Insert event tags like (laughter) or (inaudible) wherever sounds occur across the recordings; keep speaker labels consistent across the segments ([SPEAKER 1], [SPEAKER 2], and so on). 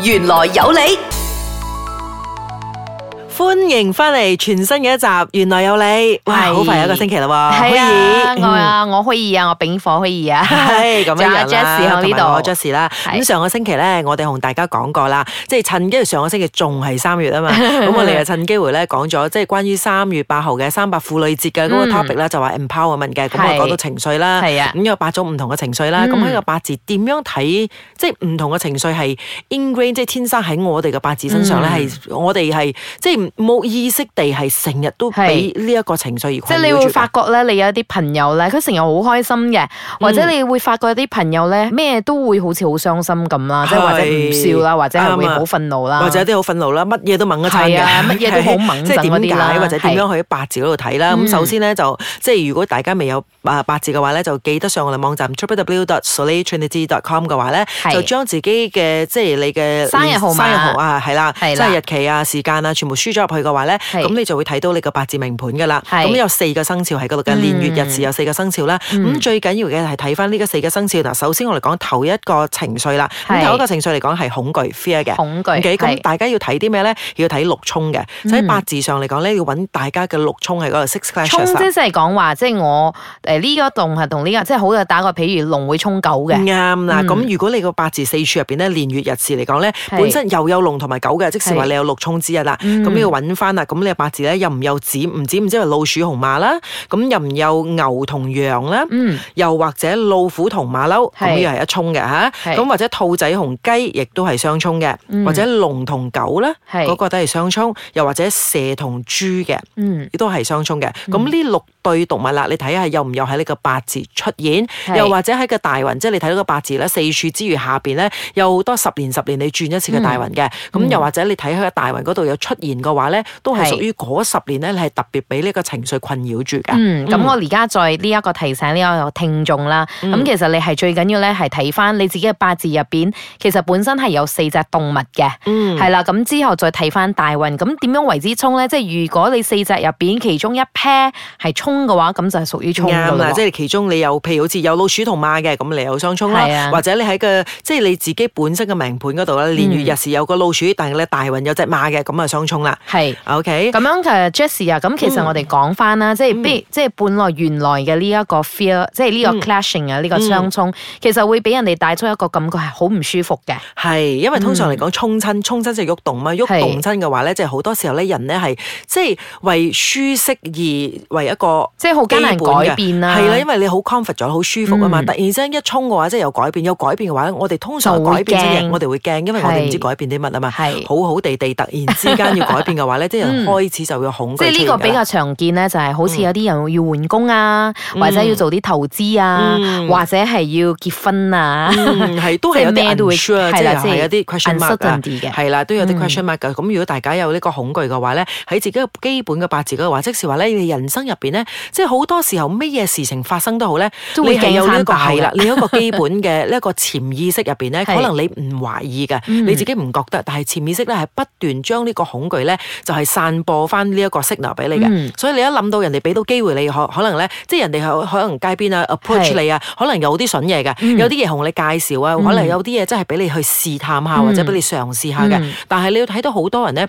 [SPEAKER 1] 玄來有理。
[SPEAKER 2] 歡迎翻嚟全新嘅一集《玄來有理》哇。係好快一個星期啦，啊，可以我啊，
[SPEAKER 1] 嗯，我可以啊，我丙火可以啊。係咁樣啦，啊。Jazz 喺度，同埋我
[SPEAKER 2] Jazz 啦。咁上個星期咧，我哋同大家講過啦，即係趁機上個星期仲係三月啊嘛。咁 (laughs) 我哋就趁機會咧講咗，即係關於三月八號嘅三八婦女節嘅嗰個 topic 啦， (laughs) 嗯，就話 empowerment 嘅，咁我講到情緒啦。咁，啊，有八種唔同嘅情緒啦。咁，嗯，呢個八字點樣睇？即係唔同嘅情緒係 ingrain，即係天生喺我哋嘅八字身上咧，係，嗯，我哋係即係。就是冇意識地係成日都俾呢一個情緒而困擾，即係、就是、你會發
[SPEAKER 1] 覺咧，你有一啲朋友咧，佢成日好開心嘅；或者你會發覺啲朋友咧，咩都會好似好傷心咁啦，即、嗯、係或者唔笑者、啊者啊啊就是、啦，或者係會好憤
[SPEAKER 2] 怒啦，或者啲好憤怒啦，乜嘢都掹一餐嘅，乜嘢都好掹。即係點解？或者點樣去八字嗰度睇啦？咁、嗯、首先咧就即係如果大家未有八字嘅話咧，就記得上我哋網站 www.solidtraining.com 嘅話咧，就將自己嘅即係你嘅生日號碼啊，係啦，即係日期啊、時間啊，全部輸。入去嘅話咧，咁你就會睇到你個八字命盤噶啦。咁有四個生肖喺嗰度嘅，年月日時有四個生肖啦。咁、嗯嗯、最緊要嘅係睇翻呢個四個生肖。嗱，首先我嚟講頭一個情緒啦。頭一個情緒嚟講係恐懼，fear 嘅。恐懼。Okay? 大家要睇啲咩咧？要睇六沖嘅。嗯、所以八字上嚟講咧，要揾大家嘅六沖喺嗰度。六沖即係
[SPEAKER 1] 講話，即係我誒呢、呃這個洞係同呢個即係好嘅打個譬如龍會沖狗嘅。啱、嗯、啦。咁、嗯、
[SPEAKER 2] 如果你個八字四處入邊咧，年月日時嚟講咧，本身又有龍同埋狗嘅，即是話你有六沖之一啦。搵翻啦，咁你八字咧又唔有子，唔知唔知係老鼠同馬啦，咁又唔有牛同羊啦、嗯，又或者老虎同馬騮，咁又係一沖嘅吓，咁或者兔仔同雞亦都係相沖嘅、嗯，或者龍同狗啦，嗰、嗰個都係相沖，又或者蛇同豬嘅，亦都係相沖嘅，咁、嗯、呢、嗯、六對動物啦，你睇下有唔有喺呢個八字出現，又或者喺個大運，即係你睇到個八字咧，四處之餘下邊咧，有好多十年十年你轉一次嘅大運嘅，咁、嗯、又或者你睇個大運嗰度有出現嘅話咧，都係屬於嗰十年咧，你係特別俾呢個情緒困擾住嘅。咁、嗯、我
[SPEAKER 1] 而家再呢一個提醒呢個聽眾啦，咁、嗯、其實你係最緊要咧係睇翻你自己嘅八字入邊，其實本身係有四隻動物嘅，係、嗯、啦，咁之後再睇翻大運，咁點樣為之沖咧？即係如果你四隻入邊其中一 pair 係沖。嘅話咁就係屬於沖嘅即係
[SPEAKER 2] 其中你有，譬如好似有老鼠同馬嘅，咁你有相沖啦，或者你喺個即係你自己本身嘅命盤嗰度咧，年、嗯、月日時有個老鼠，但係你大運有隻馬嘅，咁啊相沖啦，係，OK，
[SPEAKER 1] 咁樣 Jesse 啊，咁其實我哋講翻啦，即係即係本來原來嘅呢一個 fear，、嗯、即係呢個 clashing 啊，呢個相沖，其實會俾人哋帶出一個感覺係好唔舒服嘅，係，因為通常嚟講沖親沖親就喐動嘛，喐動親嘅話咧，即係好多時候咧人咧係
[SPEAKER 2] 即係為舒適而為一個。即係好難改變啦、啊，係啊，因為你好 comfort 咗，好舒服啊嘛。嗯、突然之間一衝嘅話，即係有改變，有改變嘅話，我哋通常改變會驚，我哋會驚，因為我哋唔知改變啲乜啊嘛。是是的好好地地，突然之間要改變嘅話咧， (laughs) 啲人開始就會恐。即係呢個比較
[SPEAKER 1] 常見咧，就係、是、好似有啲人要換工啊，嗯、或者要做啲投資啊，嗯、或者係要結婚啊，嗯婚啊嗯、都係有啲係啦，係有啲 question mark
[SPEAKER 2] 係、啊、啦，都有啲 question mark 咁、啊嗯、如果大家有呢個恐懼嘅話咧，喺自己基本嘅八字嗰度話，即是話呢，你人生入邊咧。即係好多時候，乜嘢事情發生都好咧，你係有呢一個係啦，你有、呢個、你一個基本嘅呢一個潛意識入面咧， (laughs) 可能你唔懷疑嘅，你自己唔覺得，但係潛意識咧係不斷將呢個恐懼咧，就係散播翻呢一個 signal 俾你嘅、嗯。所以你一諗到人哋俾到機會你，可能咧，即係人哋可能街邊啊 approach 你啊，可能有啲筍嘢嘅、嗯，有啲嘢同你介紹啊，可能有啲嘢真係俾你去試探下、嗯、或者俾你嘗試下嘅、嗯嗯。但係你要睇到好多人咧，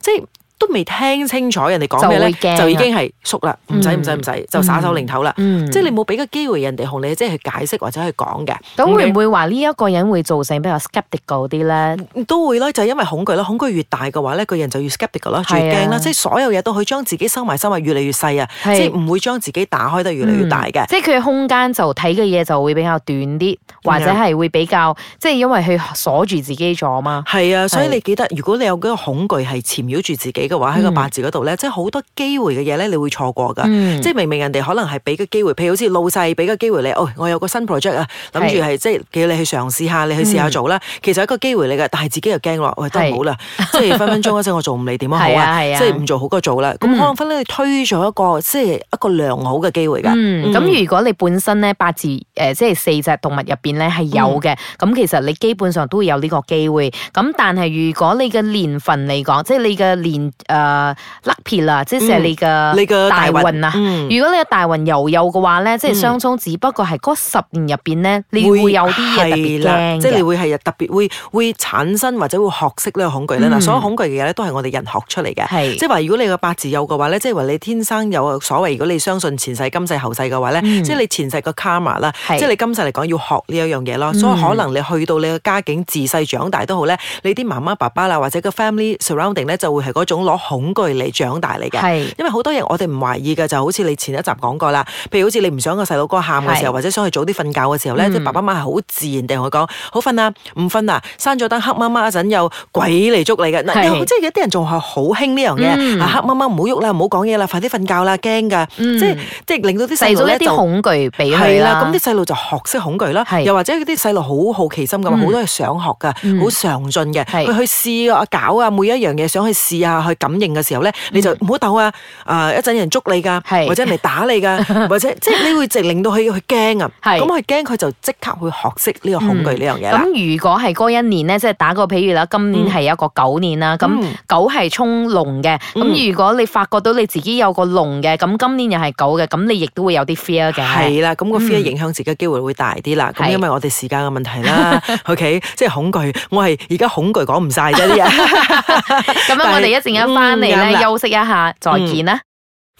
[SPEAKER 2] 即係。都未聽清楚人哋講咩咧，就已經係縮啦，唔使唔使唔使，就耍手擰頭啦、嗯。即係你冇俾個機會人哋同你即係解釋或者去講嘅。咁、嗯、會唔
[SPEAKER 1] 會話呢一個人會造成比較 sceptical 啲咧？
[SPEAKER 2] 都會咯，就係、是、因為恐懼咯。恐懼越大嘅話咧，個人就越 sceptical 咯，越驚啦。即係所有嘢都去將自己收埋收埋越嚟越細啊，即係唔會將自己打開得越嚟越大嘅、嗯。即係
[SPEAKER 1] 佢嘅空間就睇嘅嘢就會比較短啲，或者係會比較是、啊、即係因為佢鎖住自己咗嘛。係啊，所以你記得，如果你有嗰個恐懼係纏繞住自己，嘅話喺個八字嗰
[SPEAKER 2] 度咧，即係好多機會嘅嘢咧，你會錯過噶、嗯。即係明明人哋可能係俾個機會，譬如好似老細俾個機會你，哦，我有個新 project 啊，諗住係即係叫你去嘗試下，你去試下做啦、嗯。其實係一個機會嚟㗎，但係自己又驚話，喂、哎、都唔好啦，即係分分鐘嗰陣我做唔理點 (laughs) 樣好啊，啊，即係唔做好個做啦。咁、嗯、可能
[SPEAKER 1] 分分鐘推咗一個即係一個良好嘅機會噶。咁、嗯嗯、如果你本身咧八字即係、呃就是、四隻動物入邊咧係有嘅，咁、嗯、其實你基本上都會有呢個機會。咁但係如果你嘅年份嚟講，即、就是、你嘅年。呃，lucky 啦，即係你嘅你嘅大運啊、嗯嗯！如果你嘅大運又有嘅話咧、嗯，即係相沖只不過係嗰十年入邊咧，你會有啲嘢特別驚，即係你會係
[SPEAKER 2] 特別會會產生或者會學識呢個恐懼咧。嗱、嗯，所有恐懼嘅嘢咧，都係我哋人學出嚟嘅，即係話如果你個八字有嘅話咧，即係話你天生有所謂，如果你相信前世、今世、後世嘅話咧、嗯，即係你前世個 karma 啦，即係你今世嚟講要學呢一樣嘢咯。所以可能你去到你嘅家境自細長大都好咧，你啲媽媽爸爸啦，或者個 family surrounding 咧就會係嗰種。攞恐懼嚟長大嚟嘅，因為好多嘢我哋唔懷疑嘅，就好似你前一集講過啦，譬如好似你唔想個細路哥喊嘅時候，或者想去早啲瞓覺嘅時候咧，啲爸爸媽媽係好自然地同佢講：好瞓啦，唔瞓啊！閂咗燈，黑媽媽一陣又鬼嚟捉你嘅。即係有啲人仲係好興呢樣嘢，黑媽媽唔好喐啦，唔好講嘢啦，快啲瞓覺啦，驚噶，即係即係令到啲細路一啲恐
[SPEAKER 1] 懼俾佢啦。咁啲
[SPEAKER 2] 細路就學識恐懼啦，又或者嗰啲細路好好奇心嘅，好、嗯、多係想學噶，好上進嘅，去去試啊搞啊，每一樣嘢想去試下。去感應嘅時候咧，你就唔好鬥啊、嗯！啊，一陣有人捉你噶，或者人哋打你噶，或者 (laughs) 即係你會直令到佢
[SPEAKER 1] 佢驚啊！咁佢驚，佢就即刻去學識呢個恐懼呢樣嘢。咁如果係嗰一年咧，即係打個譬如啦，今年係一個狗年啦，咁、嗯、狗係沖龍嘅。咁、嗯、如果你發覺到你自己有個龍嘅，咁今年又係狗嘅，咁你亦都會有啲 fear 嘅。係啦，咁、那個 fear 影響自己嘅機會會大啲啦。咁、嗯嗯、因為我哋時間嘅問題啦
[SPEAKER 2] ，OK， (laughs) 即係恐懼，我係而家恐懼講唔晒嘅啲嘢。
[SPEAKER 1] 咁 (laughs) (laughs) 樣我哋一翻嚟咧，休息一下，嗯、再見啦！嗯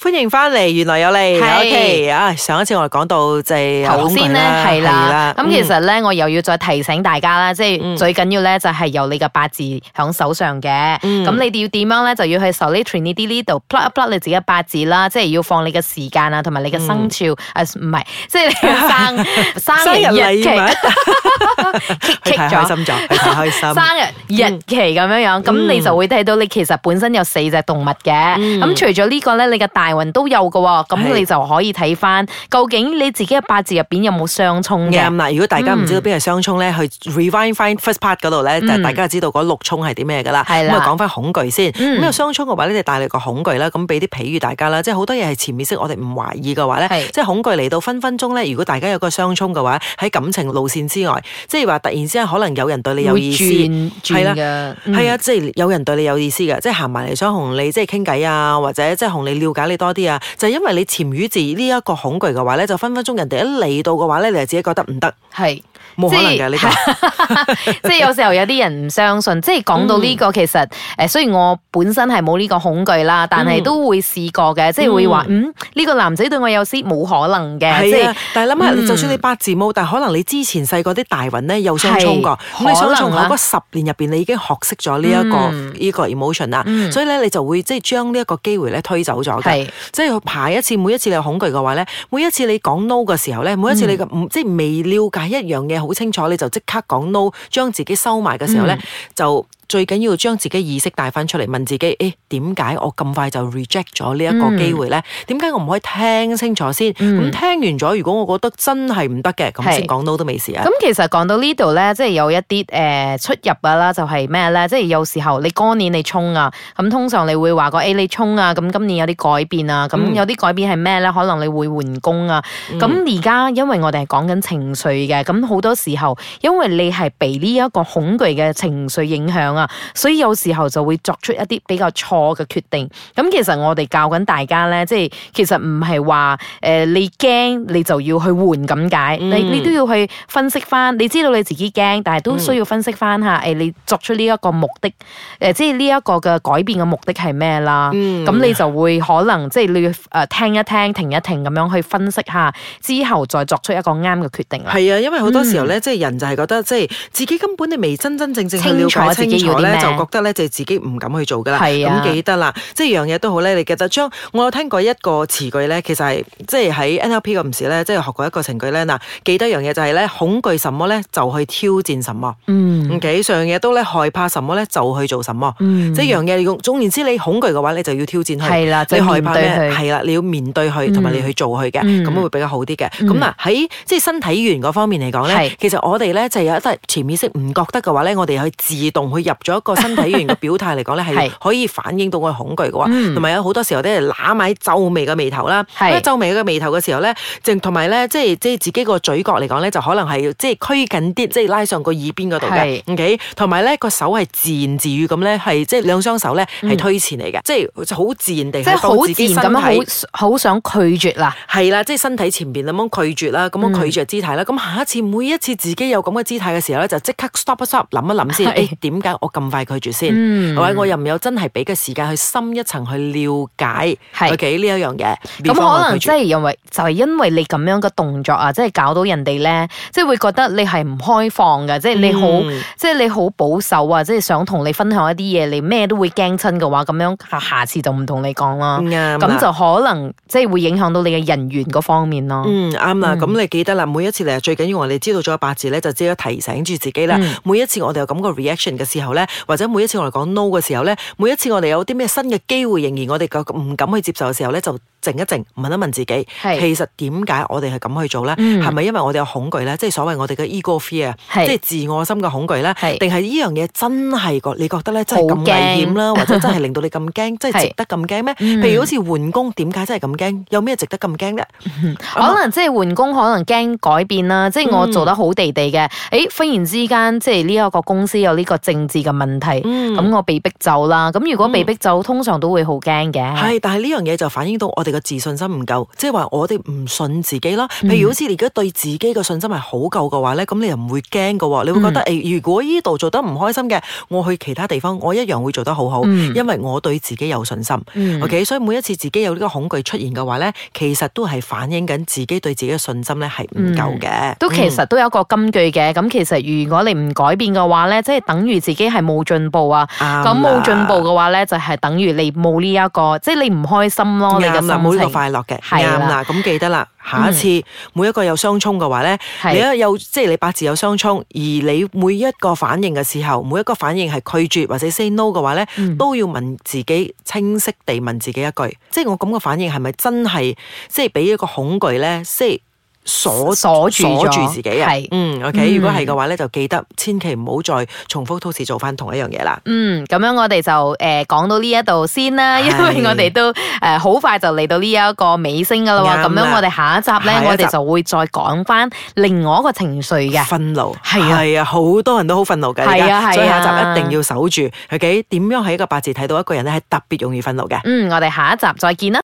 [SPEAKER 2] 歡迎翻嚟，玄來有理。有、OK, 啊，上一次我哋講到即係頭先咧，係啦，咁、嗯、其實
[SPEAKER 1] 咧我又要再提醒大家啦、嗯，即係最緊要咧就係由你嘅八字響手上嘅，咁、嗯、你哋要點樣咧就要去、嗯就要去嗯、手拎住呢啲呢度 plot 一 plot 你自己嘅八字啦，即係要、嗯、要放你嘅時間、嗯、啊，同埋你嘅生肖，誒唔係，即係你嘅生生日日期生日日期咁樣樣，咁、嗯、你就會睇到你其實本身有四隻動物嘅，咁、嗯嗯、除咗呢個咧，你嘅大都有嘅，咁你就可以睇翻究竟你自己嘅八字入邊有冇相沖嘅。嗱，如果大家唔知道邊係相沖咧，去
[SPEAKER 2] Revive Find First Part 嗰度咧，大家就知道嗰六沖係啲咩嘅啦。咁啊，講翻恐懼先。咁、嗯、啊，相沖嘅話咧，就帶嚟個恐懼啦。咁俾啲比喻大家啦，即係好多嘢係潛意識，我哋唔懷疑嘅話咧，即係、就是、恐懼嚟到分分鐘咧。如果大家有個相沖嘅話，喺感情路線之外，即係話突然之間可能有人對你有意思，係啦，係啊，即係、嗯就是、有人對你有意思嘅，即係行埋嚟想同你即係傾偈啊，或者即係同你了解你。多啲啊！就係、是、因為你潛於字呢一個恐懼嘅話咧，就分分鐘人哋一
[SPEAKER 1] 嚟到嘅話咧，你就自己覺得唔得。係。可能即
[SPEAKER 2] 係
[SPEAKER 1] (laughs) 即係有時候有啲人唔相信， (laughs) 即係講到呢、這個、嗯、其實誒雖然我本身係冇呢個恐懼啦，但係都會試過嘅、嗯，即係會話嗯呢、嗯這個男仔對我有啲冇可能嘅。係啊，即嗯、但係諗下，就算你
[SPEAKER 2] 八字冇，但係可能你之前細個啲大運咧又相沖過，你想從嗰個十年入邊、嗯、你已經學識咗呢一個呢個 emotion 啦、嗯，所以咧你就會即係將呢一個機會咧推走咗嘅。係、嗯，即係去排一次，每一次你恐懼嘅話咧，每一次你講 no 嘅時候咧，每一次你即係未了解一樣嘢。好清楚，你就即刻講 no，將自己收埋嘅時候咧，嗯，就。最緊要將自己意識帶翻出嚟，問自己：，誒點解我咁快就 reject 咗呢一個機會咧？點、嗯、解我唔可以聽清楚先？咁、嗯、聽完咗，如果我覺得真係唔得嘅，咁先講到都未事。啊、嗯！咁其
[SPEAKER 1] 實講到呢度咧，即係有一啲誒、呃、出入啊啦，就係咩咧？即係有時候你過年你衝啊，咁通常你會話個誒你衝啊，咁今年有啲改變啊，咁、嗯、有啲改變係咩咧？可能你會換工啊。咁而家因為我哋係講緊情緒嘅，咁好多時候因為你係被呢一個恐懼嘅情緒影響。所以有時候就會作出一啲比較錯嘅決定。咁其實我哋教緊大家咧，即係其實唔係話誒你驚你就要去換咁解，嗯、你你都要去分析翻。你知道你自己驚，但係都需要分析翻下誒、嗯哎，你作出呢一個目的，誒、呃，即係呢一個嘅改變嘅目的係咩啦？咁、嗯、你就會可能即係你要誒聽一聽、停一停咁樣去分析下，之後再作出一個啱嘅決定。係啊，因為好多時候咧，即係人就係覺得即係自己根本你未真真正
[SPEAKER 2] 正清楚自己我呢就覺得咧就自己唔敢去做噶啦，咁、啊、記得啦，即係一樣嘢都好咧，你記得將我有聽過一個詞句咧，其實係即係喺 NLP 嗰時咧，即係學過一個程序咧嗱，記得一樣嘢就係呢：恐懼什麼咧就去挑戰什麼，嗯，OK，上樣嘢都呢？害怕什麼咧就去做什麼，嗯，即係一樣嘢用總言之，你恐懼嘅話，你就要挑戰佢、啊、你害怕呢？係啦、啊，你要面對佢，同、嗯、埋你去做佢嘅，咁、嗯、會會比較好啲嘅。咁嗱喺即係身體語言嗰方面嚟講咧，其實我哋咧就有即係潛意識唔覺得嘅話呢，我哋去自動去入。做一個身體語言嘅表態嚟講咧，係可以反映到我恐懼嘅喎，同 (laughs) 埋有好多時候咧，揦埋皺眉嘅眉頭啦， (laughs) 皺眉嘅眉頭嘅時候咧，同埋咧，即係即係自己個嘴角嚟講咧，就可能係即係趨緊啲，即係拉上個耳邊嗰度嘅。同埋咧個手係自言自語咁咧，係即係兩雙手咧係推前嚟嘅、嗯，即係好自然地即係 (laughs) 好自然咁樣
[SPEAKER 1] 好想拒絕啦，
[SPEAKER 2] 係啦，即係身體前邊咁樣拒絕啦，咁樣拒絕姿態啦。咁、嗯、下一次每一次自己有咁嘅姿態嘅時候咧，就即刻 stop stop 諗一諗先，誒 (laughs) 點解我？咁快拒絕先，或、嗯、我又唔有真係俾個時間去深一層去了
[SPEAKER 1] 解 OK，呢一樣嘢。咁可能即係因為就係、是、因為你咁樣嘅動作啊，即、就、係、是、搞到人哋咧，即、就、係、是、會覺得你係唔開放嘅，即、就、係、是、你好，即、嗯、係、就是、你好保守啊！即、就、係、是、想同你分享一啲嘢，你咩都會驚親嘅話，咁樣下次就唔同你講啦。咁、嗯、就可能即係、就是、會影響到你嘅人緣嗰方面咯。啱、嗯、啦，咁、嗯、你
[SPEAKER 2] 記得啦，每一次咧最緊要我哋知道咗八字咧，就只有提醒住自己啦、嗯。每一次我哋有咁個 reaction 嘅時候。或者每一次我哋講 no 嘅時候咧，每一次我哋有啲咩新嘅機會，仍然我哋個唔敢去接受嘅時候咧，就。靜一靜，問一問自己，其實點解我哋係咁去做咧？係、嗯、咪因為我哋有恐懼咧？即係所謂我哋嘅 ego fear，是即係自我心嘅恐懼咧？定係呢樣嘢真係你覺得咧真係咁危險啦？或者真係令到你咁驚，即 (laughs) 係值得咁驚咩？譬、嗯、如好
[SPEAKER 1] 似換工，點解真係咁驚？有咩值得咁驚啫？可能即係換工，可能驚改變啦。即、嗯、係、就是、我做得好地地嘅，誒、哎，忽然之間即係呢一個公司有呢個政治嘅問題，咁、嗯、我被逼走啦。咁如果被逼走、嗯，通常都會好驚嘅。
[SPEAKER 2] 係，但係呢樣嘢就反映到我哋。你個自信心唔夠，即係話我哋唔信自己咯。譬如好似你而家對自己個信心係好夠嘅話咧，咁、嗯、你又唔會驚㗎喎。你會覺得誒、嗯，如果呢度做得唔開心嘅，我去其他地方，我一樣會做得好好、嗯，因為我對自己有信心。嗯 okay? 所以每一次自己有呢個恐懼出現嘅話咧，其實都係反映緊自己對自己嘅信心咧係唔夠
[SPEAKER 1] 嘅。都、嗯嗯、其實都有一個根據嘅。咁其實如果你唔改變嘅話咧，即、就、係、是、等於自己係冇進步啊。咁冇進步嘅話咧，就係、是、等於你冇呢一個，即、就、係、是、你唔開心咯。嗯你的心嗯嗯、每一個快樂嘅啱啦，咁記得啦，下一次每一個有
[SPEAKER 2] 相沖嘅話咧，你一有即係、就是、你八字有相沖，而你每一個反應嘅時候，每一個反應係拒絕或者 say no 嘅話咧，都要問自己清晰地問自己一句，即、就、係、是、我咁嘅反應係咪真係即係俾一個恐懼咧？即係。鎖鎖住鎖住自己啊，嗯，OK，嗯，如果係嘅話咧，就記得千祈唔好再重複多次做翻同一樣嘢啦。嗯，
[SPEAKER 1] 咁樣我哋就誒講、呃、到呢一度先啦，因為我哋都誒好、呃、快就嚟到呢一個尾聲噶啦咁樣我哋下一集咧，我哋就會再講翻另外一個情緒嘅憤怒，係啊係
[SPEAKER 2] 啊，好、啊、多人都好憤怒嘅。係啊，啊，所以下一集一定要守住。OK，點樣喺一個八字睇到一個人咧係特別容易憤怒嘅？
[SPEAKER 1] 嗯，我哋下一集再見啦。